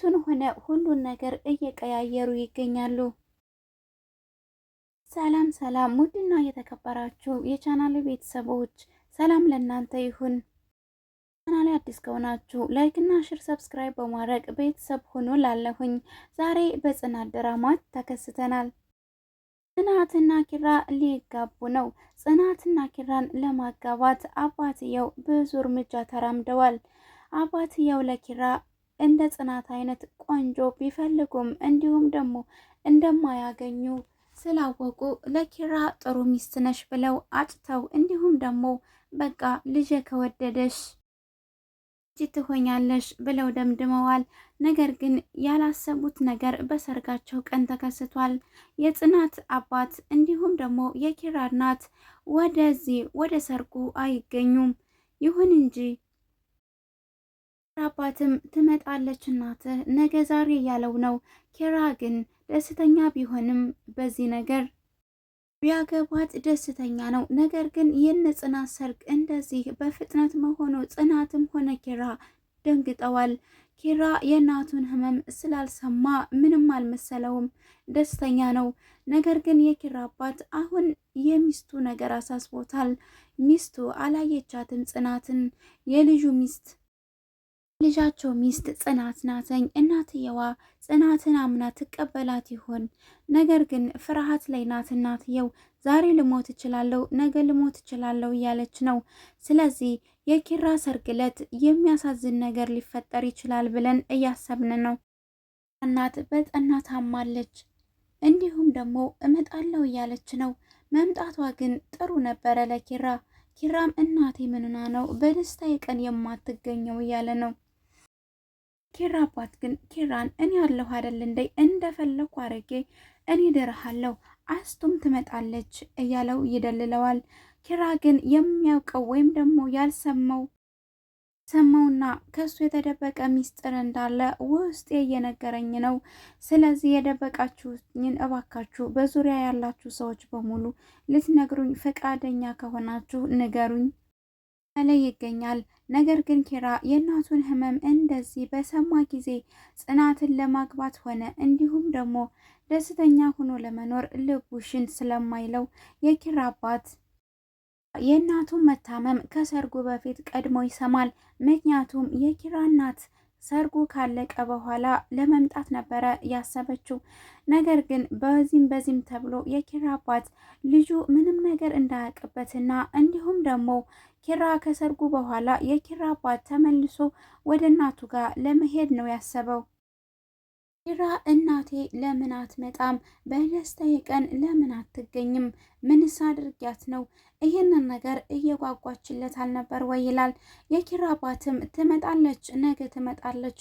ቱን ሆነ ሁሉን ነገር እየቀያየሩ ይገኛሉ። ሰላም ሰላም! ውድና የተከበራችሁ የቻናል ቤተሰቦች ሰላም ለእናንተ ይሁን። ቻናል አዲስ ከሆናችሁ ላይክ እና ሽር፣ ሰብስክራይብ በማድረግ ቤተሰብ ሆኖ ላለሁኝ ዛሬ በጽናት ድራማት ተከስተናል። ጽናትና ኪራ ሊጋቡ ነው። ጽናትና ኪራን ለማጋባት አባትየው ብዙ እርምጃ ተራምደዋል። አባትየው ለኪራ እንደ ጽናት አይነት ቆንጆ ቢፈልጉም እንዲሁም ደግሞ እንደማያገኙ ስላወቁ ለኪራ ጥሩ ሚስት ነሽ ብለው አጭተው እንዲሁም ደግሞ በቃ ልጄ ከወደደሽ ልጅ ትሆኛለሽ ብለው ደምድመዋል። ነገር ግን ያላሰቡት ነገር በሰርጋቸው ቀን ተከስቷል። የጽናት አባት እንዲሁም ደግሞ የኪራ እናት ወደዚህ ወደ ሰርጉ አይገኙም። ይሁን እንጂ አባትም ትመጣለች እናትህ ነገ ዛሬ እያለው ነው። ኬራ ግን ደስተኛ ቢሆንም በዚህ ነገር ቢያገባት ደስተኛ ነው። ነገር ግን የነ ጽናት ሰርግ እንደዚህ በፍጥነት መሆኑ ጽናትም ሆነ ኬራ ደንግጠዋል። ኬራ የእናቱን ህመም ስላልሰማ ምንም አልመሰለውም፣ ደስተኛ ነው። ነገር ግን የኬራ አባት አሁን የሚስቱ ነገር አሳስቦታል። ሚስቱ አላየቻትም ጽናትን የልጁ ሚስት ልጃቸው ሚስት ጽናት ናተኝ። እናትየዋ ጽናትን አምና ትቀበላት ይሆን? ነገር ግን ፍርሃት ላይ ናት። እናትየው ዛሬ ልሞት እችላለሁ፣ ነገ ልሞት እችላለሁ እያለች ነው። ስለዚህ የኪራ ሰርግ ዕለት የሚያሳዝን ነገር ሊፈጠር ይችላል ብለን እያሰብን ነው። እናት በጠና ታማለች፣ እንዲሁም ደግሞ እመጣለሁ እያለች ነው። መምጣቷ ግን ጥሩ ነበረ ለኪራ። ኪራም እናቴ ምንና ነው በደስታ የቀን የማትገኘው እያለ ነው ኪራ አባት ግን ኪራን እኔ አለሁ አይደል እንዴ እንደፈለኩ አረጌ እኔ ደርሃለሁ አስቱም ትመጣለች እያለው ይደልለዋል። ኪራ ግን የሚያውቀው ወይም ደግሞ ያልሰማው ሰማውና ከሱ የተደበቀ ሚስጥር እንዳለ ውስጤ እየነገረኝ ነው። ስለዚህ የደበቃችሁኝን እባካችሁ በዙሪያ ያላችሁ ሰዎች በሙሉ ልትነግሩኝ ፈቃደኛ ከሆናችሁ ንገሩኝ ላይ ይገኛል። ነገር ግን ኪራ የእናቱን ህመም እንደዚህ በሰማ ጊዜ ጽናትን ለማግባት ሆነ እንዲሁም ደግሞ ደስተኛ ሆኖ ለመኖር ልቡሽን ስለማይለው የኪራ አባት የእናቱን መታመም ከሰርጉ በፊት ቀድሞ ይሰማል። ምክንያቱም የኪራ እናት ሰርጉ ካለቀ በኋላ ለመምጣት ነበረ ያሰበችው። ነገር ግን በዚህም በዚህም ተብሎ የኪራ አባት ልጁ ምንም ነገር እንዳያውቅበትና እንዲሁም ደግሞ ኪራ ከሰርጉ በኋላ የኪራ አባት ተመልሶ ወደ እናቱ ጋር ለመሄድ ነው ያሰበው። ኪራ እናቴ ለምን አትመጣም? በደስታዬ ቀን ለምን አትገኝም? ምንስ አድርጊያት ነው? ይህንን ነገር እየጓጓችለት አልነበር ወይ ይላል። የኪራ አባትም ትመጣለች፣ ነገ ትመጣለች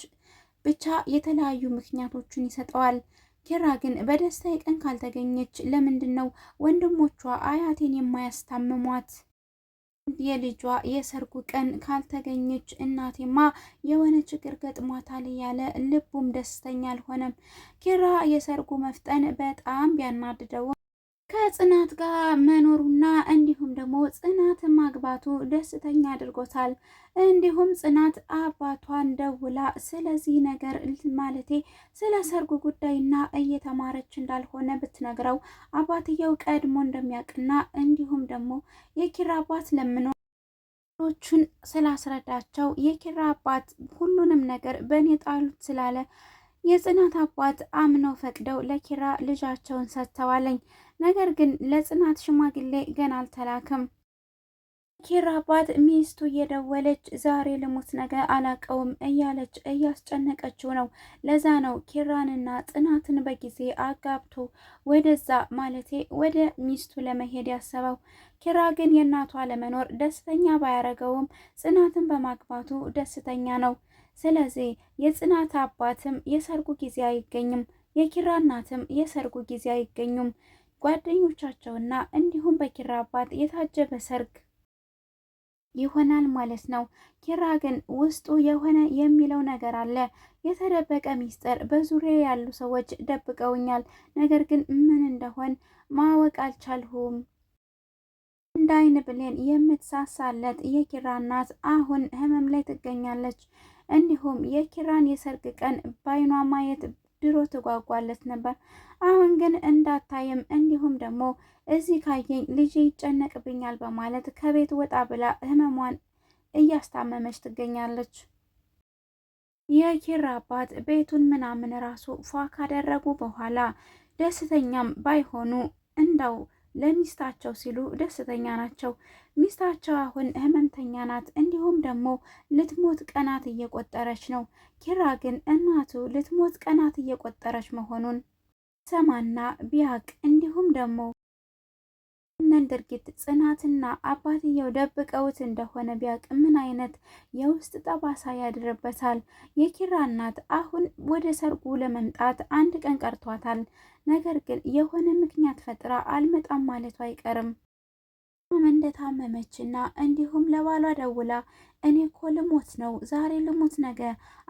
ብቻ የተለያዩ ምክንያቶችን ይሰጠዋል። ኪራ ግን በደስታዬ ቀን ካልተገኘች ለምንድን ነው ወንድሞቿ አያቴን የማያስታምሟት የልጇ የሰርጉ ቀን ካልተገኘች እናቴማ የሆነ ችግር ገጥሟታል እያለ ልቡም ደስተኛ አልሆነም። ኪራ የሰርጉ መፍጠን በጣም ቢያናድደውም ከጽናት ጋር መኖሩና ጽናት ማግባቱ ደስተኛ አድርጎታል። እንዲሁም ጽናት አባቷን ደውላ ስለዚህ ነገር ማለቴ ስለ ሰርጉ ጉዳይና እየተማረች እንዳልሆነ ብትነግረው አባትየው ቀድሞ እንደሚያውቅና እንዲሁም ደግሞ የኪራ አባት ለምኖ ቹን ስላስረዳቸው የኪራ አባት ሁሉንም ነገር በእኔ ጣሉት ስላለ የጽናት አባት አምነው ፈቅደው ለኪራ ልጃቸውን ሰጥተዋለኝ። ነገር ግን ለጽናት ሽማግሌ ገና አልተላክም። ኪራ አባት ሚስቱ እየደወለች ዛሬ ልሙት ነገ አላቀውም እያለች እያስጨነቀችው ነው። ለዛ ነው ኪራንና ጽናትን በጊዜ አጋብቶ ወደዛ ማለቴ ወደ ሚስቱ ለመሄድ ያሰበው። ኪራ ግን የእናቷ ለመኖር ደስተኛ ባያረገውም ጽናትን በማግባቱ ደስተኛ ነው። ስለዚህ የጽናት አባትም የሰርጉ ጊዜ አይገኝም፣ የኪራ እናትም የሰርጉ ጊዜ አይገኙም። ጓደኞቻቸውና እንዲሁም በኪራ አባት የታጀበ ሰርግ ይሆናል ማለት ነው። ኪራ ግን ውስጡ የሆነ የሚለው ነገር አለ። የተደበቀ ሚስጥር በዙሪያ ያሉ ሰዎች ደብቀውኛል፣ ነገር ግን ምን እንደሆን ማወቅ አልቻልሁም። እንደ አይን ብሌን የምትሳሳለት የኪራ እናት አሁን ህመም ላይ ትገኛለች። እንዲሁም የኪራን የሰርግ ቀን ባይኗ ማየት ድሮ ትጓጓለት ነበር። አሁን ግን እንዳታይም እንዲሁም ደግሞ እዚህ ካየኝ ልጅ ይጨነቅብኛል በማለት ከቤት ወጣ ብላ ህመሟን እያስታመመች ትገኛለች። የኪራ አባት ቤቱን ምናምን ራሱ ፏ ካደረጉ በኋላ ደስተኛም ባይሆኑ እንዳው ለሚስታቸው ሲሉ ደስተኛ ናቸው። ሚስታቸው አሁን ህመምተኛ ናት፣ እንዲሁም ደግሞ ልትሞት ቀናት እየቆጠረች ነው። ኪራ ግን እናቱ ልትሞት ቀናት እየቆጠረች መሆኑን ሰማና ቢያቅ እንዲሁም ደግሞ ይህንን ድርጊት ጽናትና አባትየው ደብቀውት እንደሆነ ቢያውቅ ምን አይነት የውስጥ ጠባሳ ያድርበታል? የኪራ እናት አሁን ወደ ሰርጉ ለመምጣት አንድ ቀን ቀርቷታል። ነገር ግን የሆነ ምክንያት ፈጥራ አልመጣም ማለቱ አይቀርም። እንደታመመችና እንዲሁም ለባሏ ደውላ እኔ እኮ ልሞት ነው ዛሬ ልሞት ነገ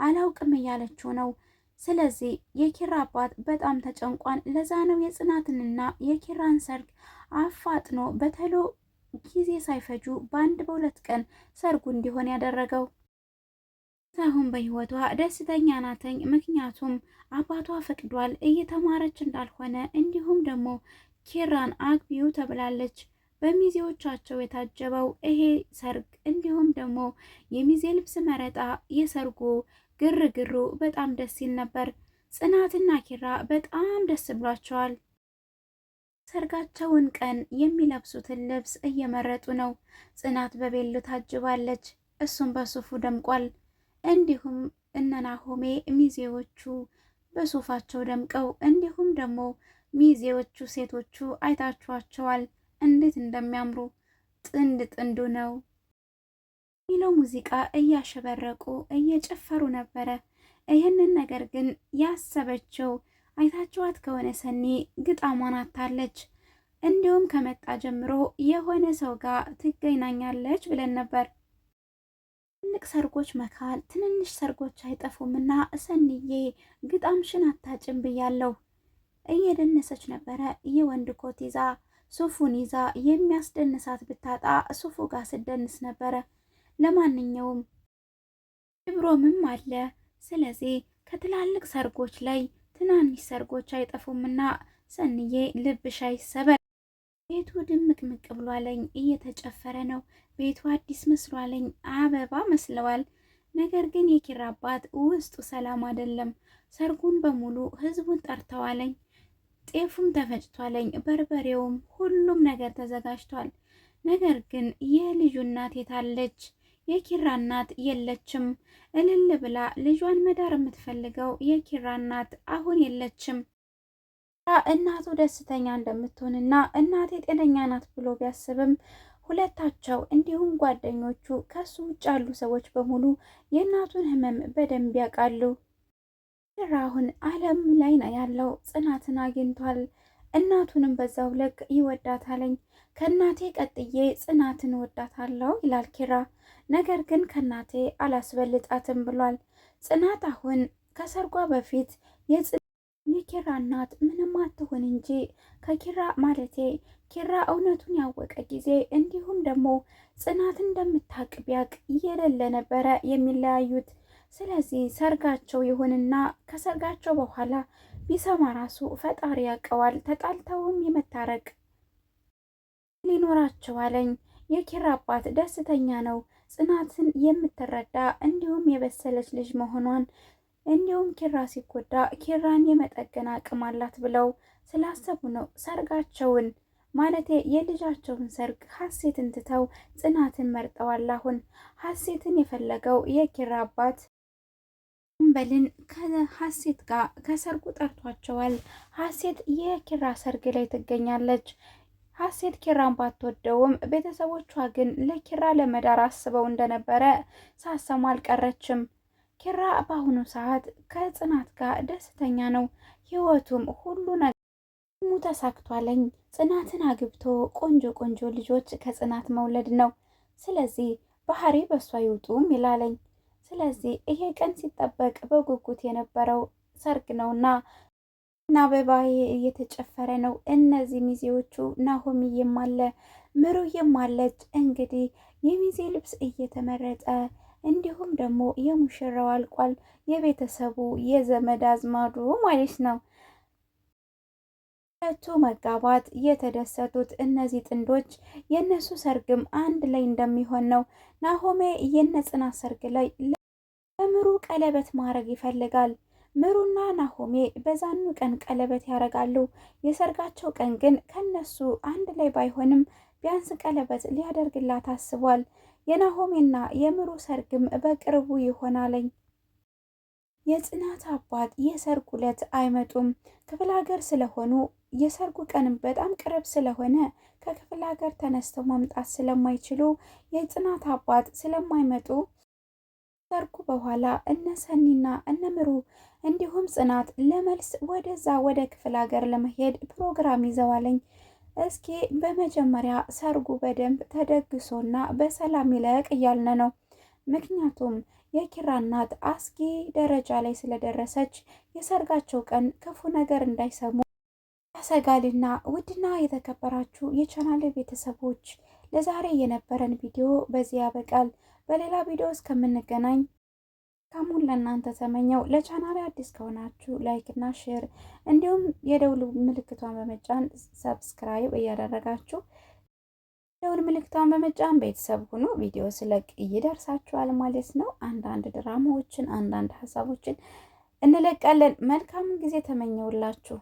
አላውቅም እያለችው ነው። ስለዚህ የኪራ አባት በጣም ተጨንቋን ለዛ ነው የጽናትንና የኪራን ሰርግ አፋጥኖ በተሎ ጊዜ ሳይፈጁ በአንድ በሁለት ቀን ሰርጉ እንዲሆን ያደረገው። አሁን በህይወቷ ደስተኛ ናተኝ። ምክንያቱም አባቷ ፈቅዷል፣ እየተማረች እንዳልሆነ እንዲሁም ደግሞ ኪራን አግቢው ተብላለች። በሚዜዎቻቸው የታጀበው ይሄ ሰርግ እንዲሁም ደግሞ የሚዜ ልብስ መረጣ፣ የሰርጉ ግርግሩ በጣም ደስ ይል ነበር። ጽናትና ኪራ በጣም ደስ ብሏቸዋል። ሰርጋቸውን ቀን የሚለብሱትን ልብስ እየመረጡ ነው። ጽናት በቤሎ ታጅባለች፣ እሱም በሱፉ ደምቋል። እንዲሁም ሆሜ ሚዜዎቹ በሱፋቸው ደምቀው እንዲሁም ደግሞ ሚዜዎቹ ሴቶቹ አይታችኋቸዋል እንዴት እንደሚያምሩ ጥንድ ጥንዱ ነው የሚለው ሙዚቃ እያሸበረቁ እየጨፈሩ ነበረ። ይህንን ነገር ግን ያሰበችው አይታችኋት ከሆነ ሰኒ ግጣሟን አታለች። እንዲሁም ከመጣ ጀምሮ የሆነ ሰው ጋር ትገናኛለች ብለን ነበር። ትልቅ ሰርጎች መካል ትንንሽ ሰርጎች አይጠፉምና ሰኒዬ ግጣምሽን አታጭም ብያለሁ። እየደነሰች ነበረ የወንድ ኮት ይዛ ሱፉን ይዛ የሚያስደንሳት ብታጣ ሱፉ ጋር ስደንስ ነበረ። ለማንኛውም ድብሮምም አለ። ስለዚህ ከትላልቅ ሰርጎች ላይ ትናንሽ ሰርጎች አይጠፉምና ሰንዬ ልብሽ አይሰበር። ቤቱ ድምቅምቅ ብሏለኝ፣ እየተጨፈረ ነው። ቤቱ አዲስ መስሏለኝ፣ አበባ መስለዋል። ነገር ግን የኪራ አባት ውስጡ ሰላም አይደለም። ሰርጉን በሙሉ ህዝቡን ጠርተዋለኝ። ጤፉም ተፈጭቷለኝ፣ በርበሬውም፣ ሁሉም ነገር ተዘጋጅቷል። ነገር ግን የልጁ እናት የታለች? የኪራ እናት የለችም። እልል ብላ ልጇን መዳር የምትፈልገው የኪራ እናት አሁን የለችም። እናቱ ደስተኛ እንደምትሆንና እናቴ ጤነኛ ናት ብሎ ቢያስብም ሁለታቸው እንዲሁም ጓደኞቹ ከሱ ውጭ ያሉ ሰዎች በሙሉ የእናቱን ህመም በደንብ ያውቃሉ። ኪራ አሁን ዓለም ላይ ነው ያለው። ጽናትን አግኝቷል። እናቱንም በዛው ልክ ይወዳታለኝ። ከእናቴ ቀጥዬ ጽናትን እወዳታለሁ ይላል ኪራ። ነገር ግን ከእናቴ አላስበልጣትም ብሏል። ጽናት አሁን ከሰርጓ በፊት የኪራ እናት ምንም አትሆን እንጂ ከኪራ ማለቴ ኪራ እውነቱን ያወቀ ጊዜ እንዲሁም ደግሞ ጽናት እንደምታቅ ቢያቅ እየሌለ ነበረ የሚለያዩት። ስለዚህ ሰርጋቸው ይሁንና ከሰርጋቸው በኋላ ቢሰማ ራሱ ፈጣሪ ያውቀዋል። ተጣልተውም የመታረቅ ሊኖራቸው አለኝ። የኪራ አባት ደስተኛ ነው። ጽናትን የምትረዳ እንዲሁም የበሰለች ልጅ መሆኗን እንዲሁም ኪራ ሲጎዳ ኪራን የመጠገን አቅም አላት ብለው ስላሰቡ ነው ሰርጋቸውን ማለቴ የልጃቸውን ሰርግ ሀሴትን ትተው ጽናትን መርጠዋል። አሁን ሀሴትን የፈለገው የኪራ አባት እምበልን ከሀሴት ጋር ከሰርጉ ጠርቷቸዋል። ሀሴት የኪራ ሰርግ ላይ ትገኛለች። ሀሴት ኪራን ባትወደውም ቤተሰቦቿ ግን ለኪራ ለመዳር አስበው እንደነበረ ሳሰሙ አልቀረችም። ኪራ በአሁኑ ሰዓት ከጽናት ጋር ደስተኛ ነው። ህይወቱም ሁሉ ነገሙ ተሳክቷለኝ፣ ጽናትን አግብቶ ቆንጆ ቆንጆ ልጆች ከጽናት መውለድ ነው። ስለዚህ ባህሪ በእሷ ይውጡም ይላለኝ ስለዚህ ይሄ ቀን ሲጠበቅ በጉጉት የነበረው ሰርግ ነውና እና አበባ እየተጨፈረ ነው። እነዚህ ሚዜዎቹ ናሆሚ አለ ምሩዬም አለች። እንግዲህ የሚዜ ልብስ እየተመረጠ እንዲሁም ደግሞ የሙሽራው አልቋል። የቤተሰቡ የዘመድ አዝማዱ ማለት ነው ሁለቱ መጋባት የተደሰቱት እነዚህ ጥንዶች የእነሱ ሰርግም አንድ ላይ እንደሚሆን ነው። ናሆሜ የነጽናት ሰርግ ላይ ለምሩ ቀለበት ማድረግ ይፈልጋል። ምሩና ናሆሜ በዛኑ ቀን ቀለበት ያደርጋሉ። የሰርጋቸው ቀን ግን ከነሱ አንድ ላይ ባይሆንም ቢያንስ ቀለበት ሊያደርግላት አስቧል። የናሆሜና የምሩ ሰርግም በቅርቡ ይሆናለኝ። የጽናት አባት የሰርግ ዕለት አይመጡም። ክፍለ ሀገር ስለሆኑ የሰርጉ ቀንም በጣም ቅርብ ስለሆነ ከክፍለ ሀገር ተነስተው መምጣት ስለማይችሉ የጽናት አባት ስለማይመጡ ሰርጉ በኋላ እነ ሰኒና እነ ምሩ እንዲሁም ጽናት ለመልስ ወደዛ ወደ ክፍለ ሀገር ለመሄድ ፕሮግራም ይዘዋለኝ። እስኪ በመጀመሪያ ሰርጉ በደንብ ተደግሶና በሰላም ይለቅ እያልን ነው። ምክንያቱም የኪራ እናት አስጊ ደረጃ ላይ ስለደረሰች የሰርጋቸው ቀን ክፉ ነገር እንዳይሰሙ ያሰጋልና። ውድና የተከበራችሁ የቻናል ቤተሰቦች ለዛሬ የነበረን ቪዲዮ በዚህ ያበቃል። በሌላ ቪዲዮ እስከምንገናኝ ካሙን ለእናንተ ተመኘው። ለቻናል አዲስ ከሆናችሁ ላይክ እና ሼር እንዲሁም የደውል ምልክቷን በመጫን ሰብስክራይብ እያደረጋችሁ የደውል ምልክቷን በመጫን ቤተሰብ ሁኑ። ቪዲዮ ስለቅ ይደርሳችኋል ማለት ነው። አንዳንድ ድራማዎችን አንዳንድ ሀሳቦችን እንለቃለን። መልካም ጊዜ ተመኘውላችሁ።